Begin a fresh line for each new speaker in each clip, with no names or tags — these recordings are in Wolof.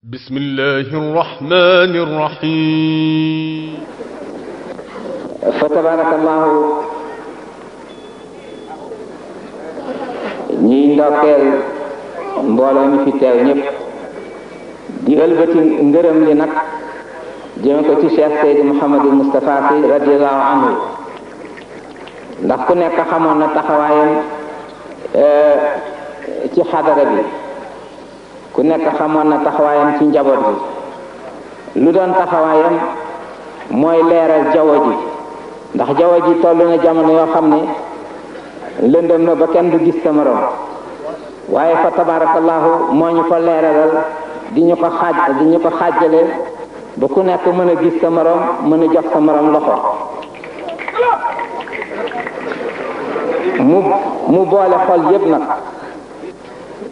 bismillahi rahmani rahim
fa tabarakallahu ñiy ndokkeel mbooloo mi fi teew di ëlbati ngërëm li nag jëme ko ci cheikh seydi mouhamadul moustapha si radiallahu anhu ndax ku nekk xamoon na taxawaayam eh, ci xadara bi ku nekk xamoon na taxawaayam ci njaboot gi lu doon taxawaayam mooy leeral jaww ji ndax jaww ji toll na jamono yoo xam ne lëndëm na ba kenn du gis sa morom waaye fa tabaarakallaahu moo ñu ko leeralal di ñu ko xaaj di ñu ko xaajale ba ku nekk mën a gis sa morom mën a jox sa morom loxo mu mu boole xol yépp nag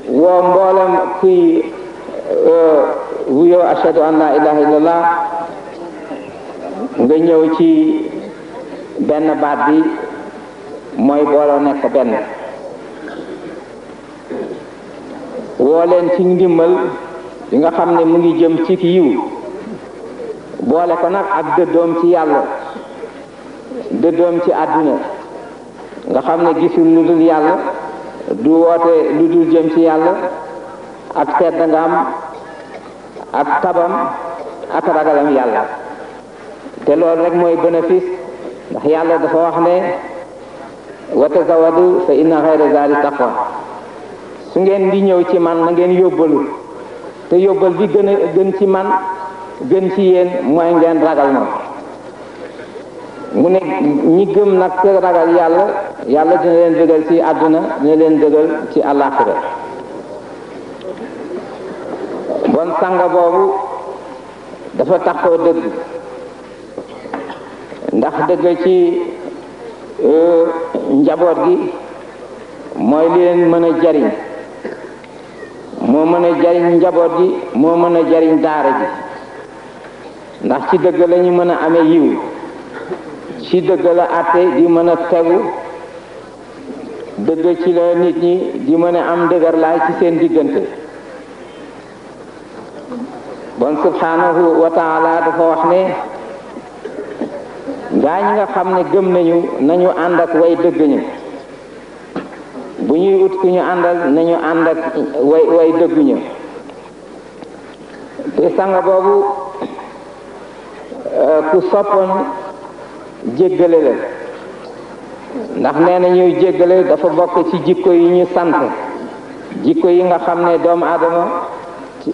woo mboolem kuy e, wuyoo ashadu an laa ilaha illallah nga ñëw ci benn baat bi mooy booloo nekk benn woo leen ci ndimbal li nga xam ne mu ngi jëm ci yiw boole ko nag ak dëddoom ci yàlla dëddoom ci àdduna nga xam ne gisul lu dul yàlla du woote lu dul jëm ci yàlla ak tedd nga am ak tabam ak ragalam yàlla te loolu rek mooy bénéfice ndax yàlla dafa wax ne wa tazawadu fa inna xayra zaadi taqwa su ngeen di ñëw ci man na ngeen yóbbalu te yóbbal bi gën a gën ci man gën ci yéen mooy ngeen ragal na mu ne ñi gëm nag te ragal yàlla yàlla dina leen dëgal ci àdduna dina leen dëgal ci àllaaxira bon sànga boobu dafa taxoo dëgg ndax dëgg ci euh, njaboot gi mooy li leen mën a jariñ moo mën a jariñ njaboot gi moo mën a jariñ daara ji ndax ci dëgg lañu mën a ame yiw ci dëgg la àtte yi mën a tegu dëgg ci la nit ñi di mën a am dëgër laay ci seen diggante bon subhanahu wa taala dafa wax ne gaa ñi nga xam ne gëm nañu nañu ànd ak way dëgg bu ñuy ut ku ñu àndal nañu ànd ak way way te sanga boobu ku soppoon jéggale la ndax nee na ñuy jéggale dafa bokk ci jikko yi ñu sant jikko yi nga xam ne doomu aadama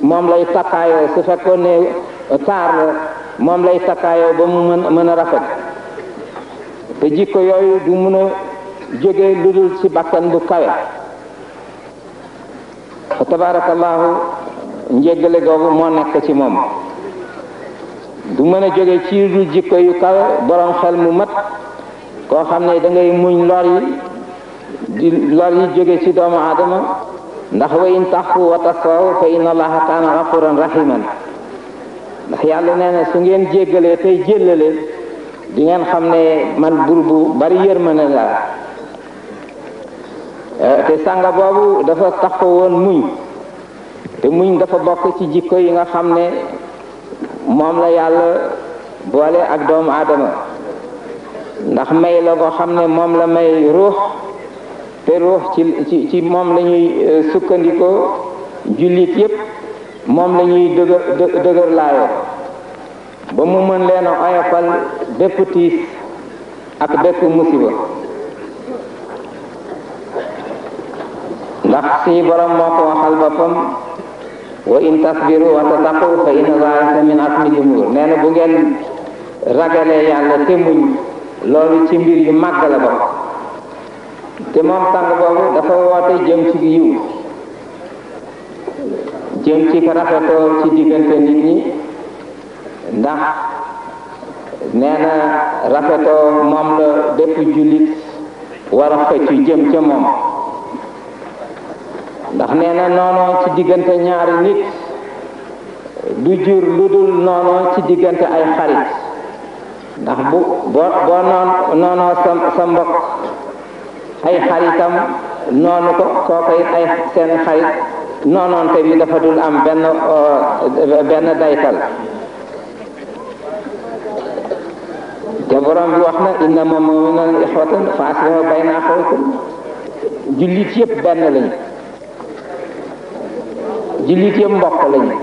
moom lay takkaayoo su fekkoon ne taar la moom lay takkaayoo ba mu mën mën a rafet te jikko yooyu du mën a jóge lu dul ci bakkan bu kawe fa tabaarakallaahu njéggale googu moo nekk ci moom du mën a jóge ci lu jikko yu kawe borom xel mu mat koo xam ne dangay ngay muñ lor yi di lor yi jóge ci doomu aadama ndax wa in taxfu wa tasfaw fa inna allaha kaana gafuran ndax yàlla nee na su ngeen jéggalee tey jéllale di ngeen xam ne man bur bu bari yërmande la eh, te sànga boobu dafa taxawoon muñ te muñ dafa bokk ci jikko yi nga xam ne moom la yàlla boole ak doomu aadama ndax may la ko xam ne moom la may ruux te ruux ci ci moom la ñuy euh, sukkandikoo jullit yépp moom lañuy dëgër dëgër ba mu mën leen a oyofal bépp tiis ak bépp musiba ndax suñu borom moo ko boppam waa in tasbiru wa tattaqu fa inna zalika min azmil umur nee bu ngeen ragalee yàlla te muñ loolu ci mbir yu màgg la bokk te moom sang boobu dafa woote jëm ci yiw jëm ci ko rafetoo ci diggante nit ñi ndax nee rafetoo moom la bépp jullit war a xëcc jëm ca moom ndax nee na ci diggante ñaari nit du jur lu dul noonoo ci diggante ay xarit ndax bu boo boo noon noonoo sa sa mbokk ay xaritam noonu ko kooku ay seen xarit noonoonte bi dafa dul am benn euh, daytal te borom bi wax na innamal mu'minuuna ixwatun fa aslihu bayna axawaykum jullit yëpp benn lañu jullit yëpp mbokk lañu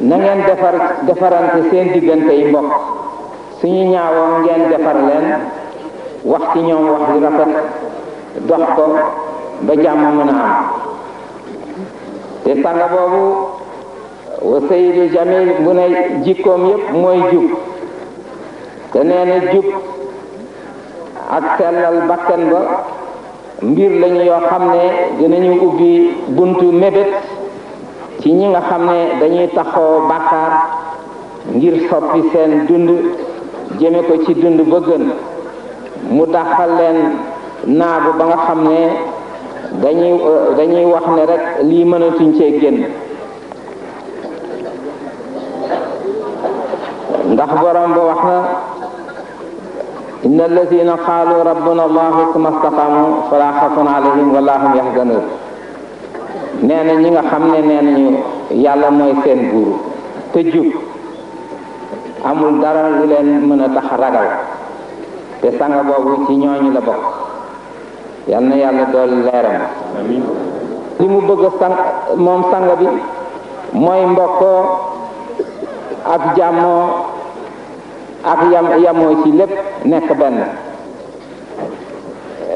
na ngeen defar defarante seen diggante yi mbokk suñu ñaawoo ngeen defar leen
wax ci ñoom wax rafet
dox ko ba jàmm mën a am te sanga boobu wa sayidu jamil bu ne jikkoom yëpp mooy jub te nee na jub ak sellal bakkan ba mbir lañu yoo xam ne dinañu ubbi buntu mébét ci ñi nga xam ne dañuy taxaw bàkkaar ngir soppi seen dund jëme ko ci dund ba gën mu taxal leen naagu ba nga xam ne dañuy wax ne rek lii mënatuñ cee génn ndax borom ba wax na إن الذين قالوا ربنا الله ثم استقاموا فلا خوف عليهم ولا هم يحزنون nee na ñi nga xam ne nee nañu yàlla mooy seen buur te amul dara lu leen mën a tax ragal te sanga boobu ci ñooñu la bokk yal na yàlla dool leeram li mu bëgg sang moom sang bi mooy mbokkoo ak jàmmoo ak yam yamoo ci lépp nekk benn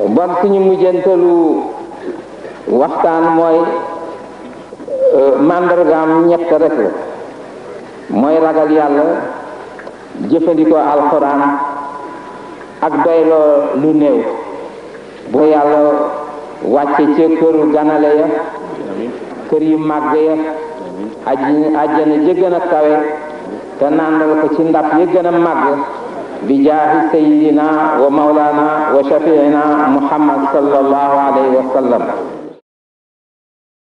bon suñu mujjantalu waxtaan mooy
euh, màndargaam ñett rek
mooy ragal yàlla jëfandikoo alxuraan ak doyloo lu néew boo yàlla wàcce ci këru ganale ya kër yu màgg ya ajjana jëgën a kawe te nandal ko ci ndab yi gën a màgg bi jaahi sayidina wa maulana wa shafiina muhammad sallallahu alayhi wa
sallam